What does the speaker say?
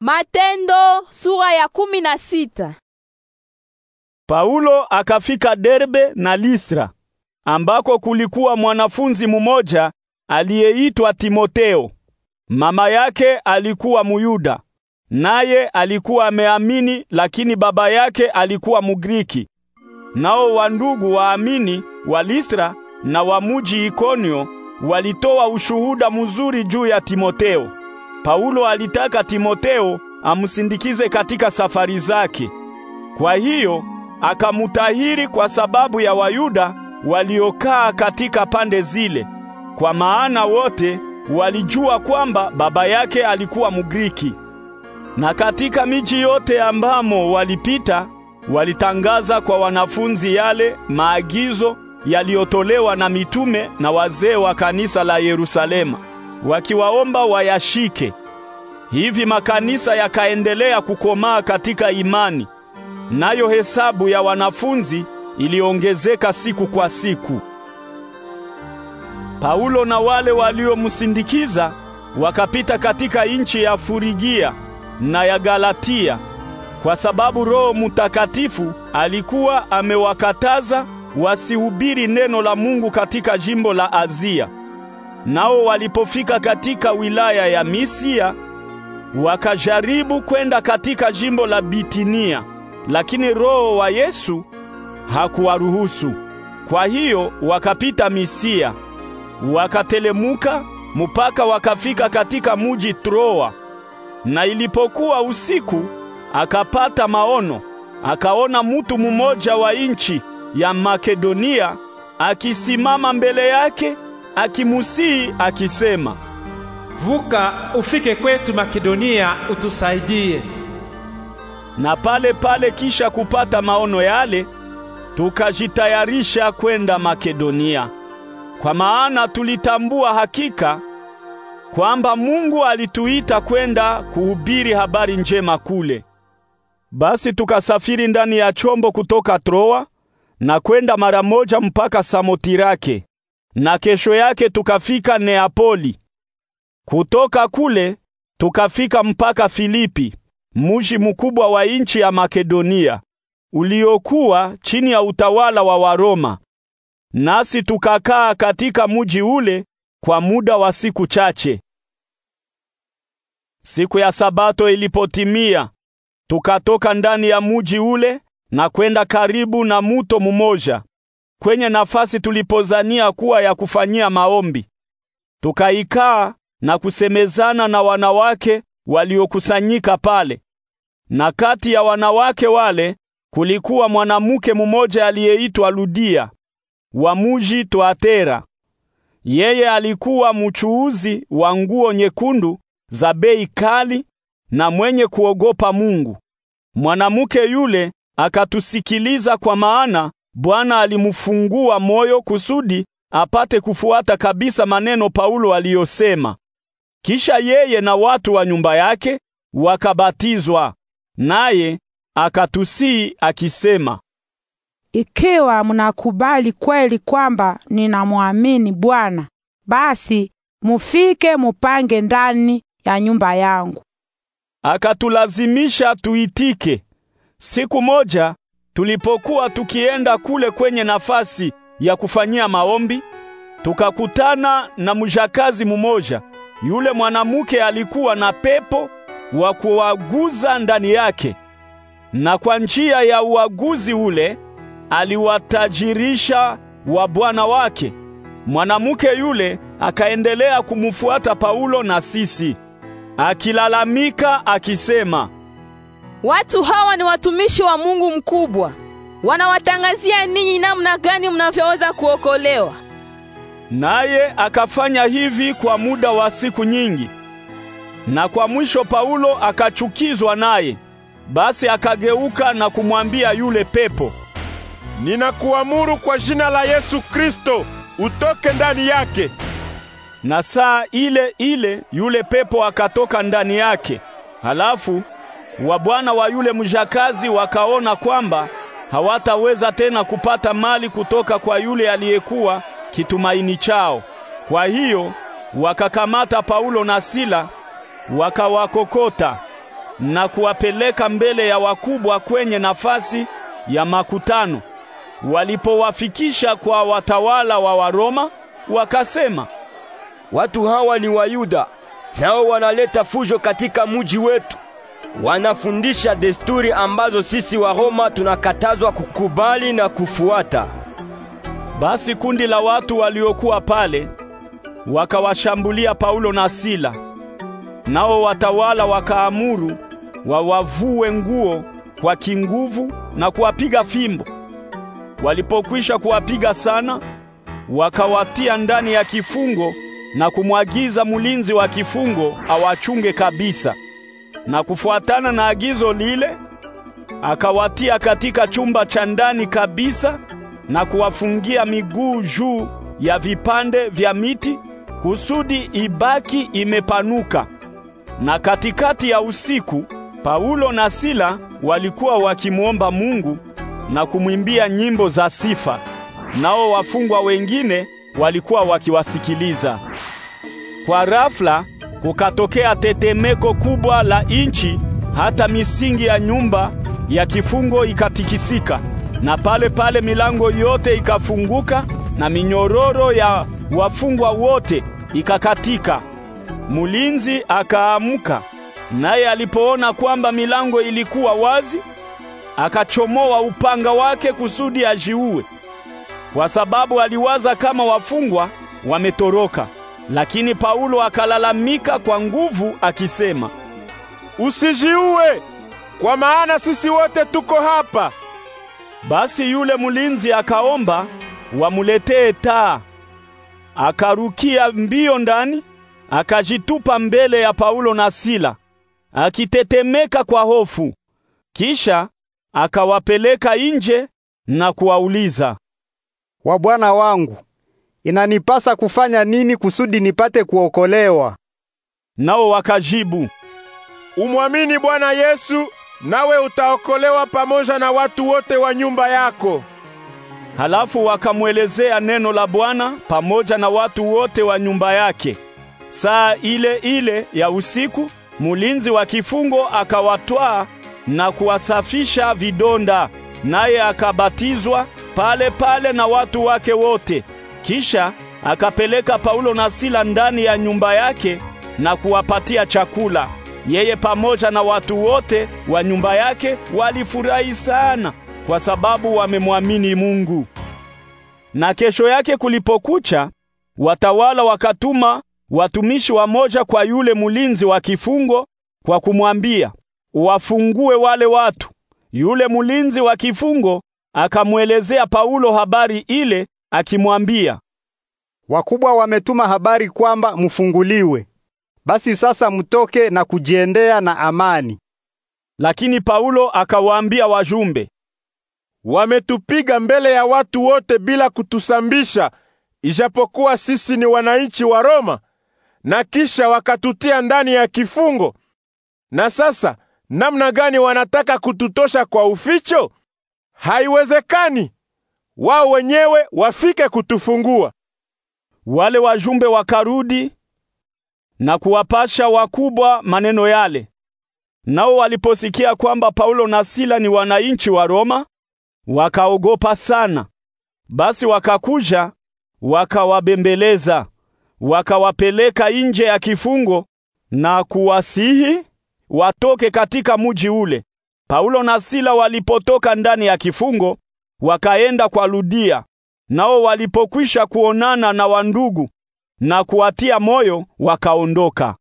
Matendo sura ya kumi na sita. Paulo akafika Derbe na Listra ambako kulikuwa mwanafunzi mmoja aliyeitwa Timoteo. Mama yake alikuwa Muyuda, naye alikuwa ameamini, lakini baba yake alikuwa Mugriki. Nao wandugu waamini wa Listra na wa muji Ikonio walitoa ushuhuda mzuri juu ya Timoteo. Paulo alitaka Timoteo amsindikize katika safari zake. Kwa hiyo akamutahiri kwa sababu ya Wayuda waliokaa katika pande zile, kwa maana wote walijua kwamba baba yake alikuwa Mgriki. Na katika miji yote ambamo walipita, walitangaza kwa wanafunzi yale maagizo yaliyotolewa na mitume na wazee wa kanisa la Yerusalema, wakiwaomba wayashike. Hivi makanisa yakaendelea kukomaa katika imani, nayo hesabu ya wanafunzi iliongezeka siku kwa siku. Paulo na wale waliomsindikiza wakapita katika nchi ya Furigia na ya Galatia kwa sababu Roho Mtakatifu alikuwa amewakataza wasihubiri neno la Mungu katika jimbo la Azia. Nao walipofika katika wilaya ya Misia wakajaribu kwenda katika jimbo la Bitinia, lakini Roho wa Yesu hakuwaruhusu. Kwa hiyo wakapita Misia, wakatelemuka mpaka wakafika katika muji Troa. Na ilipokuwa usiku, akapata maono, akaona mutu mmoja wa nchi ya Makedonia akisimama mbele yake akimusii akisema vuka ufike kwetu Makedonia utusaidie. Na pale pale kisha kupata maono yale, tukajitayarisha kwenda Makedonia, kwa maana tulitambua hakika kwamba Mungu alituita kwenda kuhubiri habari njema kule. Basi tukasafiri ndani ya chombo kutoka Troa na kwenda mara moja mpaka Samotirake, na kesho yake tukafika Neapoli. Kutoka kule tukafika mpaka Filipi, mji mkubwa wa nchi ya Makedonia uliokuwa chini ya utawala wa Waroma. Nasi tukakaa katika mji ule kwa muda wa siku chache. Siku ya Sabato ilipotimia, tukatoka ndani ya mji ule na kwenda karibu na muto mmoja kwenye nafasi tulipozania kuwa ya kufanyia maombi. Tukaikaa na kusemezana na wanawake waliokusanyika pale, na kati ya wanawake wale kulikuwa mwanamke mmoja aliyeitwa Ludia wa muji toatera Yeye alikuwa mchuuzi wa nguo nyekundu za bei kali na mwenye kuogopa Mungu. Mwanamke yule akatusikiliza kwa maana Bwana alimfungua moyo kusudi apate kufuata kabisa maneno Paulo aliyosema. Kisha yeye na watu wa nyumba yake wakabatizwa, naye akatusii akisema, ikiwa mnakubali kweli kwamba ninamwamini Bwana, basi mufike mupange ndani ya nyumba yangu. Akatulazimisha tuitike. Siku moja tulipokuwa tukienda kule kwenye nafasi ya kufanyia maombi, tukakutana na mjakazi mmoja yule mwanamke alikuwa na pepo wa kuwaguza ndani yake, na kwa njia ya uaguzi ule aliwatajirisha wa bwana wake. Mwanamke yule akaendelea kumfuata Paulo na sisi, akilalamika akisema, watu hawa ni watumishi wa Mungu mkubwa, wanawatangazia ninyi namna gani mnavyoweza kuokolewa. Naye akafanya hivi kwa muda wa siku nyingi. Na kwa mwisho Paulo akachukizwa naye. Basi akageuka na kumwambia yule pepo, "Ninakuamuru kwa jina la Yesu Kristo, utoke ndani yake." Na saa ile ile yule pepo akatoka ndani yake. Halafu wabwana wa yule mjakazi wakaona kwamba hawataweza tena kupata mali kutoka kwa yule aliyekuwa kitumaini chao. Kwa hiyo wakakamata Paulo na Sila wakawakokota na kuwapeleka mbele ya wakubwa kwenye nafasi ya makutano. Walipowafikisha kwa watawala wa Waroma, wakasema, watu hawa ni Wayuda, nao wanaleta fujo katika mji wetu. Wanafundisha desturi ambazo sisi Waroma tunakatazwa kukubali na kufuata. Basi kundi la watu waliokuwa pale wakawashambulia Paulo na Sila. Nao watawala wakaamuru wawavue nguo kwa kinguvu na kuwapiga fimbo. Walipokwisha kuwapiga sana, wakawatia ndani ya kifungo na kumwagiza mulinzi wa kifungo awachunge kabisa. Na kufuatana na agizo lile, akawatia katika chumba cha ndani kabisa na kuwafungia miguu juu ya vipande vya miti kusudi ibaki imepanuka. Na katikati ya usiku Paulo na Sila walikuwa wakimwomba Mungu na kumwimbia nyimbo za sifa, nao wafungwa wengine walikuwa wakiwasikiliza. Kwa rafla kukatokea tetemeko kubwa la inchi, hata misingi ya nyumba ya kifungo ikatikisika na pale pale milango yote ikafunguka na minyororo ya wafungwa wote ikakatika. Mulinzi akaamka, naye alipoona kwamba milango ilikuwa wazi, akachomoa upanga wake kusudi ajiue, kwa sababu aliwaza kama wafungwa wametoroka. Lakini Paulo akalalamika kwa nguvu akisema, usijiue, kwa maana sisi wote tuko hapa. Basi yule mulinzi akaomba wamuletee taa. Akarukia mbio ndani, akajitupa mbele ya Paulo na Sila, akitetemeka kwa hofu. Kisha akawapeleka nje na kuwauliza, wa bwana wangu, inanipasa kufanya nini kusudi nipate kuokolewa? Nao wakajibu, umwamini Bwana Yesu nawe utaokolewa pamoja na watu wote wa nyumba yako. Halafu wakamwelezea neno la Bwana pamoja na watu wote wa nyumba yake. Saa ile ile ya usiku, mulinzi wa kifungo akawatwaa na kuwasafisha vidonda, naye akabatizwa pale pale na watu wake wote. Kisha akapeleka Paulo na Sila ndani ya nyumba yake na kuwapatia chakula. Yeye pamoja na watu wote wa nyumba yake walifurahi sana kwa sababu wamemwamini Mungu. Na kesho yake kulipokucha, watawala wakatuma watumishi wamoja kwa yule mulinzi wa kifungo kwa kumwambia, "Wafungue wale watu." Yule mulinzi wa kifungo akamwelezea Paulo habari ile akimwambia, "Wakubwa wametuma habari kwamba mfunguliwe." Basi sasa mtoke na kujiendea na amani. Lakini Paulo akawaambia wajumbe, wametupiga mbele ya watu wote bila kutusambisha, ijapokuwa sisi ni wananchi wa Roma, na kisha wakatutia ndani ya kifungo. Na sasa namna gani wanataka kututosha kwa uficho? Haiwezekani! Wao wenyewe wafike kutufungua. Wale wajumbe wakarudi na kuwapasha wakubwa maneno yale. Nao waliposikia kwamba Paulo na Sila ni wananchi wa Roma, wakaogopa sana. Basi wakakuja wakawabembeleza, wakawapeleka nje ya kifungo na kuwasihi watoke katika muji ule. Paulo na Sila walipotoka ndani ya kifungo, wakaenda kwa Ludia. Nao walipokwisha kuonana na wandugu na kuwatia moyo wakaondoka.